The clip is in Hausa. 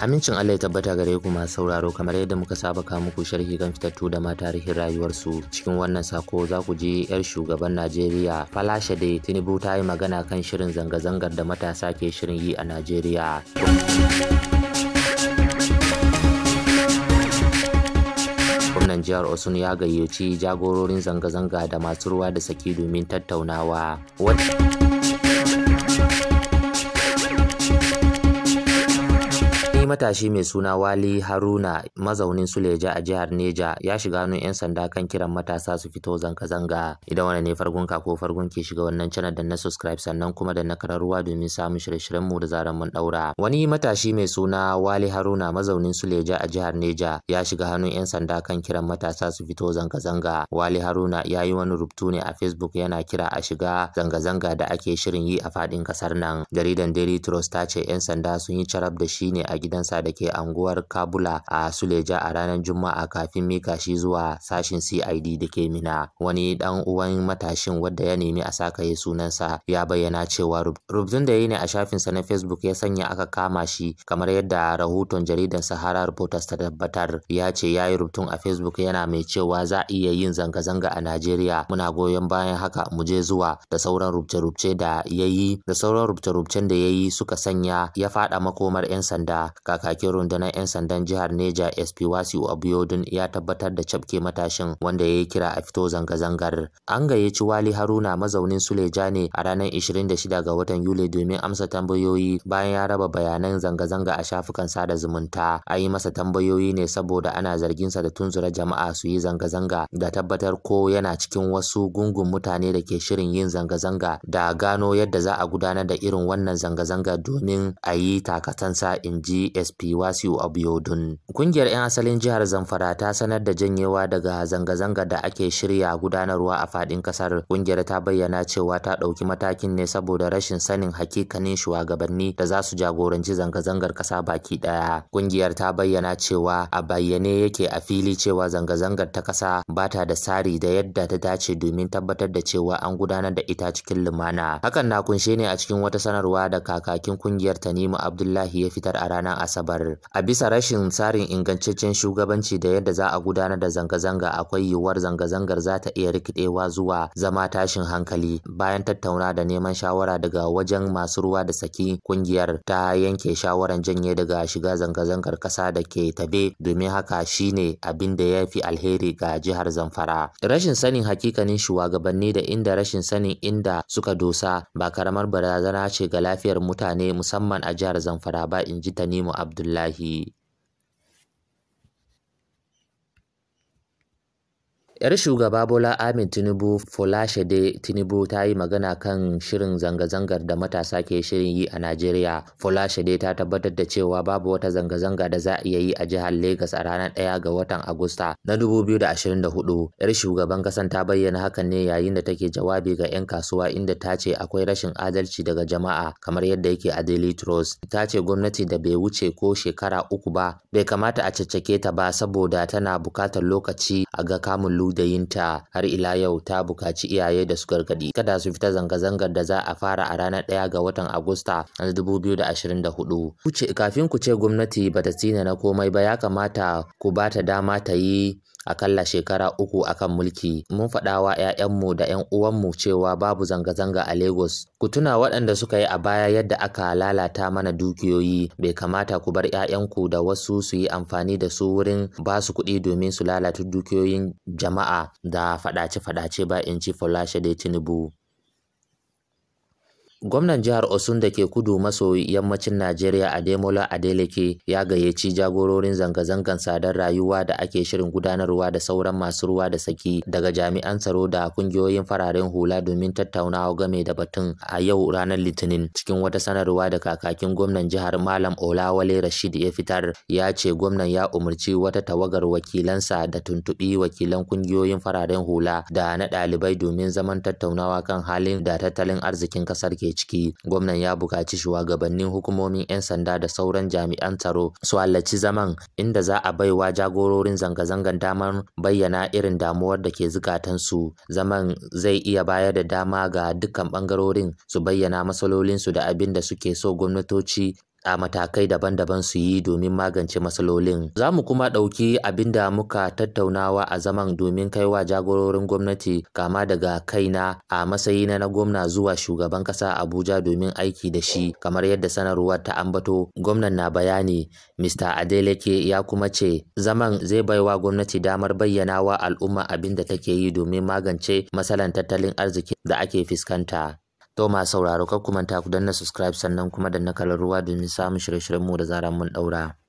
Amincin Allah ya tabbata gare ku masu sauraro kamar yadda muka saba ka muku sharhi kan fitattu da ma tarihin rayuwarsu cikin wannan sako za ku ji yar shugaban Najeriya Falasha da Tinubu ta yi magana kan shirin zanga-zangar da matasa ke shirin yi a Najeriya. gwamnan jihar osun ya gayyaci jagororin zanga-zanga da masu ruwa da saki domin tattaunawa. matashi mai suna Wali Haruna mazaunin Suleja a jihar Neja ya shiga hannun 'yan sanda kan kiran matasa su fito zanga-zanga. Idan wani ne fargun ka ko fargun ke shiga wannan channel da na subscribe sannan kuma da na kararruwa domin samun shirye-shiryen mu da zaran mun daura. Wani matashi mai suna Wali Haruna mazaunin Suleja a jihar Neja ya shiga hannun 'yan sanda kan kiran matasa su fito zanga-zanga. Wali Haruna ya yi wani rubutu ne a Facebook yana kira a shiga zanga-zanga da ake shirin yi a faɗin kasar nan. Jaridan Daily Trust ta ce 'yan sanda sun yi carab da shi ne a gidan gidansa da ke anguwar Kabula a Suleja a ranar Juma'a kafin mika shi zuwa sashin CID da ke Mina. Wani dan uwan matashin wadda ya nemi a saka ya sunansa ya bayyana cewa rubutun da ya yi ne a shafinsa na Facebook ya sanya aka kama shi kamar yadda rahoton jaridar Sahara Reporters ta tabbatar ya ce ya yi rubutun a Facebook yana mai cewa za a iya yin zanga-zanga a nigeria muna goyon bayan haka mu je zuwa da sauran rubuce-rubuce da ya yi da sauran rubuce-rubucen da ya yi suka sanya ya faɗa makomar 'yan sanda Kakakin rundunar 'yan sandan jihar Neja SP Wasiu Abiodun ya tabbatar da cafke matashin wanda ya yi kira a fito zanga-zangar. An gayyaci Wali Haruna mazaunin Suleja ne a ranar 26 ga watan Yuli domin amsa tambayoyi bayan ya raba bayanan zanga-zanga a shafukan sada zumunta. A yi masa tambayoyi ne saboda ana zarginsa da tunzura jama'a su yi zanga-zanga da tabbatar ko yana cikin wasu gungun mutane da ke shirin yin zanga-zanga da gano yadda za a gudanar da irin wannan zanga-zanga domin a yi takatansa in ji dsp wasiu abiodun kungiyar 'yan asalin jihar zamfara ta sanar da janyewa daga zanga-zanga da ake shirya gudanarwa a fadin kasar kungiyar ta bayyana cewa ta ɗauki matakin ne saboda rashin sanin hakikanin shugabanni da za su jagoranci zanga-zangar kasa baki ɗaya. kungiyar ta bayyana cewa a bayyane yake a fili cewa zanga-zangar ta kasa ba ta da tsari da yadda ta dace domin tabbatar da cewa an gudanar da ita cikin lumana hakan na kunshe ne a cikin wata sanarwa da kakakin kungiyar tanimu abdullahi ya fitar a ranar Asabar. A bisa rashin tsarin ingantaccen shugabanci da yadda za a gudanar da zanga-zanga akwai yiwuwar zanga-zangar za ta iya rikidewa zuwa zama tashin hankali bayan tattauna da neman shawara daga wajen masu ruwa da saki kungiyar ta yanke shawaran janye daga shiga zanga-zangar kasa da ke tabe domin haka shine abin da ya fi alheri ga jihar Zamfara. Rashin sanin hakikanin shugabanni da inda rashin sanin inda suka dosa ba karamar barazana ce ga lafiyar mutane musamman a jihar Zamfara ba in ji Tanimu عبد الله Yar shugaba Bola Amin Tinubu Folashade Tinubu ta yi magana kan shirin zanga-zangar da matasa ke shirin yi a Najeriya. Folashade ta tabbatar da cewa babu wata zanga-zanga da za a iya yi a jihar Legas a ranar 1 ga watan Agusta na dubu biyu da da ashirin hudu, Yar shugaban kasan ta bayyana hakan ne yayin da take jawabi ga 'yan kasuwa inda ta ce akwai rashin adalci daga jama'a kamar yadda yake a Daily Trust. Ta ce gwamnati da bai wuce ko shekara uku ba bai kamata a caccake ta ba saboda tana bukatar lokaci a ga kamun ludayinta har ila yau ta bukaci iyaye da su gargadi kada su fita zanga-zangar da za a fara a ranar ɗaya ga watan agusta na 2024 kafin ku ce gwamnati ba ta tsina na komai ba ya kamata ku ba ta dama ta yi akalla shekara uku akan mulki mun faɗawa 'ya'yanmu da 'yan uwanmu cewa babu zanga-zanga a Lagos ku tuna waɗanda suka yi a baya yadda aka lalata mana dukiyoyi bai kamata ku bar 'ya'yanku da wasu su yi amfani da su wurin ba su kuɗi domin su lalata dukiyoyin jama'a da faɗace-faɗace ba in ci Folashade Tinubu Gwamnan jihar Osun da ke kudu maso yammacin Najeriya Ademola Adeleke ya gayyaci jagororin zanga zangan sadar rayuwa da ake shirin gudanarwa da sauran masu ruwa da saki daga jami'an tsaro da kungiyoyin fararen hula domin tattaunawa game da batun a yau ranar Litinin. Cikin wata sanarwa da kakakin gwamnan jihar Malam Olawale Rashid ya fitar ya ce gwamnan ya umarci wata tawagar wakilansa da tuntubi wakilan kungiyoyin fararen hula da na ɗalibai domin zaman tattaunawa kan halin da tattalin arzikin ƙasar ke ciki gwamnan ya buƙaci shugabannin hukumomin 'yan sanda da sauran jami'an tsaro su halarci zaman inda za a baiwa jagororin zanga-zangar damar bayyana irin damuwar da ke su, zaman zai iya bayar da dama ga dukkan ɓangarorin su bayyana matsalolinsu da abin da suke so gwamnatoci a matakai daban-daban su yi domin magance matsalolin. Za mu kuma ɗauki abinda muka tattaunawa a zaman domin kaiwa jagororin gwamnati kama daga kaina a matsayi na gwamna zuwa shugaban ƙasa Abuja domin aiki da shi kamar yadda sanarwar ta ambato. Gwamnan na bayani Mr. Adeleke ya kuma ce zaman zai baiwa gwamnati damar bayyana wa al'umma abinda take yi domin magance matsalan tattalin arziki da ake fuskanta. To ma sauraro kar ku manta ku danna subscribe sannan kuma danna kalar ruwa domin samun shirye mu da zarar mun ɗaura.